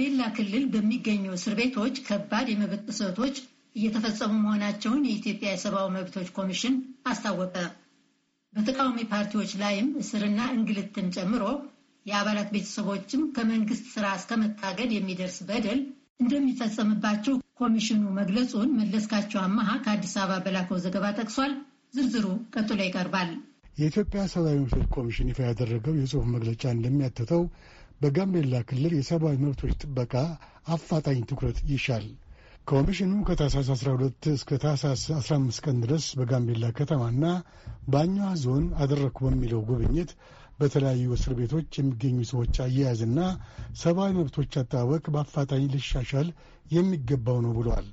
በጋምቤላ ክልል በሚገኙ እስር ቤቶች ከባድ የመብት ጥሰቶች እየተፈጸሙ መሆናቸውን የኢትዮጵያ የሰብአዊ መብቶች ኮሚሽን አስታወቀ። በተቃዋሚ ፓርቲዎች ላይም እስርና እንግልትን ጨምሮ የአባላት ቤተሰቦችም ከመንግስት ስራ እስከመታገድ የሚደርስ በደል እንደሚፈጸምባቸው ኮሚሽኑ መግለጹን መለስካቸው አመሃ ከአዲስ አበባ በላከው ዘገባ ጠቅሷል። ዝርዝሩ ቀጥሎ ይቀርባል። የኢትዮጵያ ሰብአዊ መብቶች ኮሚሽን ይፋ ያደረገው የጽሑፍ መግለጫ እንደሚያትተው በጋምቤላ ክልል የሰብአዊ መብቶች ጥበቃ አፋጣኝ ትኩረት ይሻል። ኮሚሽኑ ከታህሳስ 12 እስከ ታህሳስ 15 ቀን ድረስ በጋምቤላ ከተማና ባኛ ዞን አደረግኩ በሚለው ጉብኝት በተለያዩ እስር ቤቶች የሚገኙ ሰዎች አያያዝና ሰብአዊ መብቶች አጠባበቅ በአፋጣኝ ሊሻሻል የሚገባው ነው ብለዋል።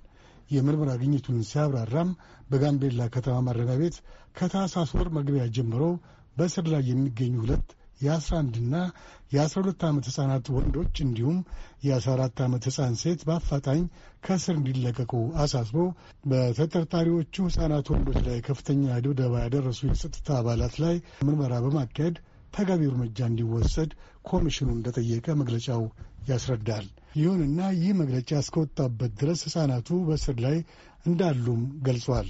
የምርመራ ግኝቱን ሲያብራራም በጋምቤላ ከተማ ማረሚያ ቤት ከታህሳስ ወር መግቢያ ጀምሮ በእስር ላይ የሚገኙ ሁለት የ11ና የ12 ዓመት ሕፃናት ወንዶች እንዲሁም የ14 ዓመት ሕፃን ሴት በአፋጣኝ ከእስር እንዲለቀቁ አሳስቦ በተጠርጣሪዎቹ ሕፃናት ወንዶች ላይ ከፍተኛ ድብደባ ያደረሱ የጸጥታ አባላት ላይ ምርመራ በማካሄድ ተገቢው እርምጃ እንዲወሰድ ኮሚሽኑ እንደጠየቀ መግለጫው ያስረዳል። ይሁንና ይህ መግለጫ እስከወጣበት ድረስ ሕፃናቱ በእስር ላይ እንዳሉም ገልጿል።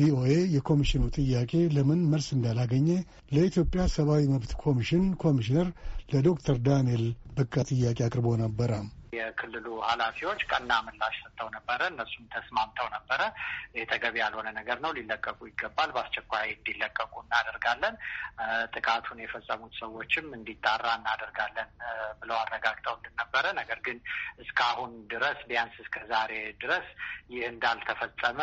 ቪኦኤ የኮሚሽኑ ጥያቄ ለምን መልስ እንዳላገኘ ለኢትዮጵያ ሰብአዊ መብት ኮሚሽን ኮሚሽነር ለዶክተር ዳንኤል በቃ ጥያቄ አቅርቦ ነበረ። የክልሉ ኃላፊዎች ቀና ምላሽ ሰጥተው ነበረ። እነሱም ተስማምተው ነበረ። የተገቢ ተገቢ ያልሆነ ነገር ነው፣ ሊለቀቁ ይገባል። በአስቸኳይ እንዲለቀቁ እናደርጋለን። ጥቃቱን የፈጸሙት ሰዎችም እንዲጣራ እናደርጋለን ብለው አረጋግጠው ነበረ። ነገር ግን እስካሁን ድረስ ቢያንስ እስከ ዛሬ ድረስ ይህ እንዳልተፈጸመ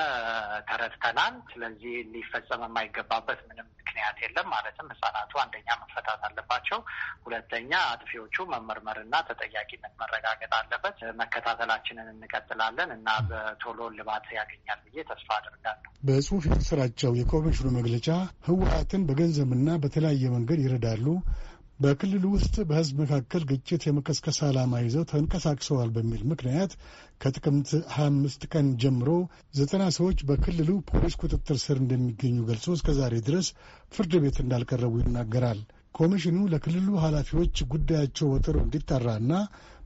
ተረድተናል። ስለዚህ ሊፈጸም የማይገባበት ምንም ምክንያት የለም። ማለትም ህጻናቱ አንደኛ መፈታት አለባቸው፣ ሁለተኛ አጥፊዎቹ መመርመርና ተጠያቂነት መረጋገጥ አለበት። መከታተላችንን እንቀጥላለን እና በቶሎ ልባት ያገኛል ብዬ ተስፋ አድርጋለሁ። በጽሁፍ የተሰራጨው የኮሚሽኑ መግለጫ ህወሀትን በገንዘብና በተለያየ መንገድ ይረዳሉ በክልሉ ውስጥ በህዝብ መካከል ግጭት የመቀስቀስ ዓላማ ይዘው ተንቀሳቅሰዋል በሚል ምክንያት ከጥቅምት 25 ቀን ጀምሮ ዘጠና ሰዎች በክልሉ ፖሊስ ቁጥጥር ስር እንደሚገኙ ገልጾ እስከዛሬ ድረስ ፍርድ ቤት እንዳልቀረቡ ይናገራል። ኮሚሽኑ ለክልሉ ኃላፊዎች ጉዳያቸው ወጥሮ እንዲጣራና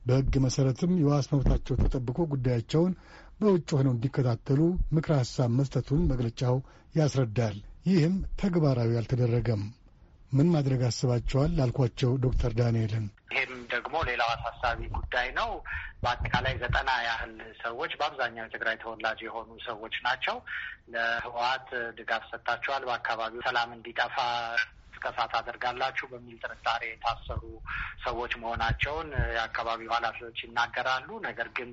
በሕግ መሠረትም የዋስ መብታቸው ተጠብቆ ጉዳያቸውን በውጭ ሆነው እንዲከታተሉ ምክረ ሐሳብ መስጠቱን መግለጫው ያስረዳል። ይህም ተግባራዊ አልተደረገም። ምን ማድረግ አስባቸዋል? አልኳቸው ዶክተር ዳንኤልን። ይህም ደግሞ ሌላው አሳሳቢ ጉዳይ ነው። በአጠቃላይ ዘጠና ያህል ሰዎች በአብዛኛው የትግራይ ተወላጅ የሆኑ ሰዎች ናቸው። ለህወሀት ድጋፍ ሰጥታቸዋል። በአካባቢው ሰላም እንዲጠፋ ቅስቀሳ ታደርጋላችሁ በሚል ጥርጣሬ የታሰሩ ሰዎች መሆናቸውን የአካባቢው ኃላፊዎች ይናገራሉ። ነገር ግን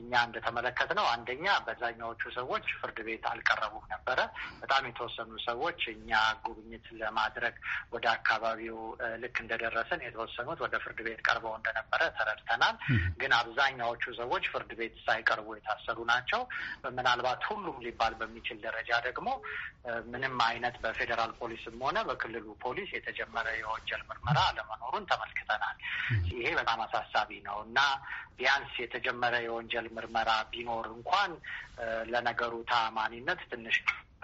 እኛ እንደተመለከትነው አንደኛ በዛኛዎቹ ሰዎች ፍርድ ቤት አልቀረቡም ነበረ። በጣም የተወሰኑ ሰዎች እኛ ጉብኝት ለማድረግ ወደ አካባቢው ልክ እንደደረስን የተወሰኑት ወደ ፍርድ ቤት ቀርበው እንደነበረ ተረድተናል። ግን አብዛኛዎቹ ሰዎች ፍርድ ቤት ሳይቀርቡ የታሰሩ ናቸው። ምናልባት ሁሉም ሊባል በሚችል ደረጃ ደግሞ ምንም አይነት በፌዴራል ፖሊስም ሆነ በክልሉ በፖሊስ የተጀመረ የወንጀል ምርመራ አለመኖሩን ተመልክተናል። ይሄ በጣም አሳሳቢ ነው እና ቢያንስ የተጀመረ የወንጀል ምርመራ ቢኖር እንኳን ለነገሩ ታማኒነት ትንሽ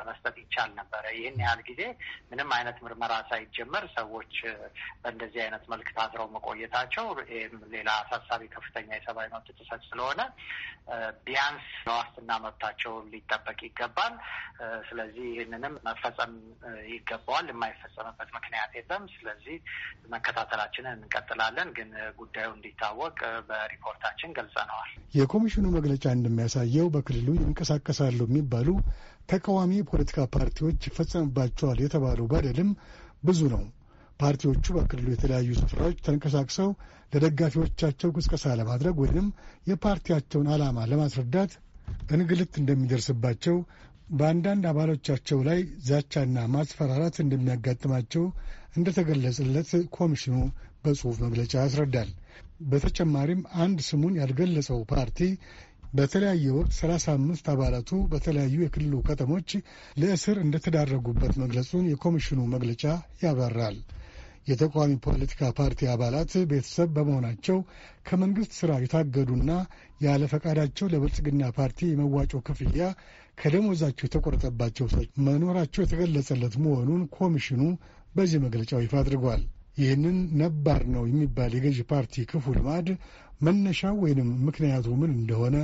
መስጠት ይቻል ነበረ። ይህን ያህል ጊዜ ምንም አይነት ምርመራ ሳይጀመር ሰዎች በእንደዚህ አይነት መልክ ታስረው መቆየታቸው ይህም ሌላ አሳሳቢ ከፍተኛ የሰብአዊ መብት ጥሰት ስለሆነ ቢያንስ ለዋስትና መብታቸው ሊጠበቅ ይገባል። ስለዚህ ይህንንም መፈጸም ይገባዋል። የማይፈጸምበት ምክንያት የለም። ስለዚህ መከታተላችንን እንቀጥላለን። ግን ጉዳዩ እንዲታወቅ በሪፖርታችን ገልጸነዋል። የኮሚሽኑ መግለጫ እንደሚያሳየው በክልሉ ይንቀሳቀሳሉ የሚባሉ ተቃዋሚ የፖለቲካ ፓርቲዎች ይፈጸምባቸዋል የተባለው በደልም ብዙ ነው። ፓርቲዎቹ በክልሉ የተለያዩ ስፍራዎች ተንቀሳቅሰው ለደጋፊዎቻቸው ቅስቀሳ ለማድረግ ወይም የፓርቲያቸውን ዓላማ ለማስረዳት እንግልት እንደሚደርስባቸው በአንዳንድ አባሎቻቸው ላይ ዛቻና ማስፈራራት እንደሚያጋጥማቸው እንደተገለጸለት ኮሚሽኑ በጽሑፍ መግለጫ ያስረዳል። በተጨማሪም አንድ ስሙን ያልገለጸው ፓርቲ በተለያየ ወቅት 35 አምስት አባላቱ በተለያዩ የክልሉ ከተሞች ለእስር እንደተዳረጉበት መግለጹን የኮሚሽኑ መግለጫ ያብራራል። የተቃዋሚ ፖለቲካ ፓርቲ አባላት ቤተሰብ በመሆናቸው ከመንግሥት ሥራ የታገዱና ያለ ፈቃዳቸው ለብልጽግና ፓርቲ የመዋጮ ክፍያ ከደሞዛቸው የተቆረጠባቸው ሰዎች መኖራቸው የተገለጸለት መሆኑን ኮሚሽኑ በዚህ መግለጫው ይፋ አድርጓል። ይህንን ነባር ነው የሚባል የገዢ ፓርቲ ክፉ ልማድ መነሻው ወይንም ምክንያቱ ምን እንደሆነ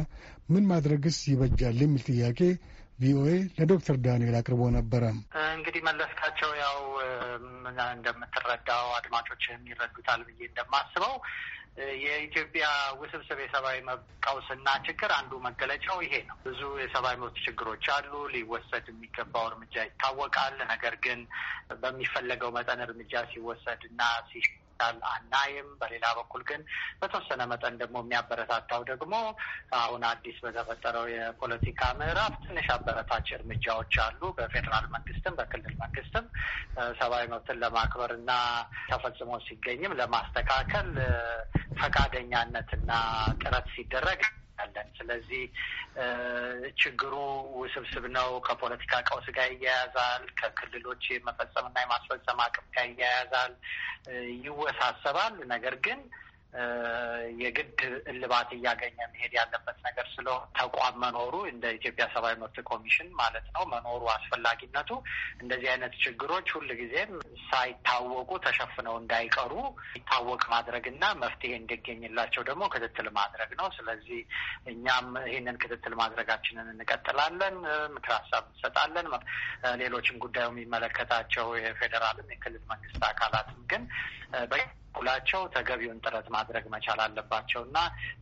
ምን ማድረግስ ይበጃል የሚል ጥያቄ ቪኦኤ ለዶክተር ዳንኤል አቅርቦ ነበረ። እንግዲህ መለስካቸው ያው እንደምትረዳው አድማጮችህም ይረዱታል ብዬ እንደማስበው የኢትዮጵያ ውስብስብ የሰብአዊ መብት ቀውስና ችግር አንዱ መገለጫው ይሄ ነው። ብዙ የሰብአዊ መብት ችግሮች አሉ። ሊወሰድ የሚገባው እርምጃ ይታወቃል። ነገር ግን በሚፈለገው መጠን እርምጃ ሲወሰድ እና ሲሻሻል አናይም። በሌላ በኩል ግን በተወሰነ መጠን ደግሞ የሚያበረታታው ደግሞ አሁን አዲስ በተፈጠረው የፖለቲካ ምዕራፍ ትንሽ አበረታች እርምጃዎች አሉ። በፌዴራል መንግስትም በክልል መንግስትም ሰብአዊ መብትን ለማክበር እና ተፈጽሞ ሲገኝም ለማስተካከል ፈቃደኛነትና ጥረት ሲደረግ አለን። ስለዚህ ችግሩ ውስብስብ ነው። ከፖለቲካ ቀውስ ጋር ይያያዛል። ከክልሎች የመፈጸምና የማስፈጸም አቅም ጋር ይያያዛል፣ ይወሳሰባል። ነገር ግን የግድ እልባት እያገኘ መሄድ ያለበት ነገር ስለ ተቋም መኖሩ እንደ ኢትዮጵያ ሰብአዊ መብት ኮሚሽን ማለት ነው መኖሩ አስፈላጊነቱ እንደዚህ አይነት ችግሮች ጊዜም ሳይታወቁ ተሸፍነው እንዳይቀሩ ይታወቅ ማድረግና መፍትሄ እንዲገኝላቸው ደግሞ ክትትል ማድረግ ነው። ስለዚህ እኛም ይህንን ክትትል ማድረጋችንን እንቀጥላለን። ምክር ሀሳብ እንሰጣለን። ሌሎችም ጉዳዩ የሚመለከታቸው የፌዴራልም የክልል መንግስት አካላትም ግን በበኩላቸው ተገቢውን ጥረት ማድረግ መቻል አለባቸው እና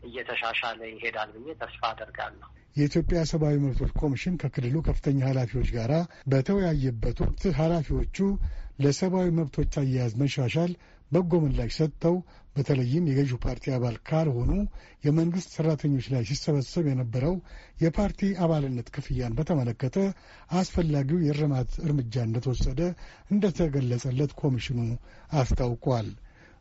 እየተሻሻለ ይሄዳል ብዬ ተስፋ አደርጋለሁ። የኢትዮጵያ ሰብአዊ መብቶች ኮሚሽን ከክልሉ ከፍተኛ ኃላፊዎች ጋር በተወያየበት ወቅት ኃላፊዎቹ ለሰብአዊ መብቶች አያያዝ መሻሻል በጎ ምላሽ ሰጥተው በተለይም የገዢው ፓርቲ አባል ካልሆኑ የመንግስት ሰራተኞች ላይ ሲሰበሰብ የነበረው የፓርቲ አባልነት ክፍያን በተመለከተ አስፈላጊው የእርማት እርምጃ እንደተወሰደ እንደተገለጸለት ኮሚሽኑ አስታውቋል።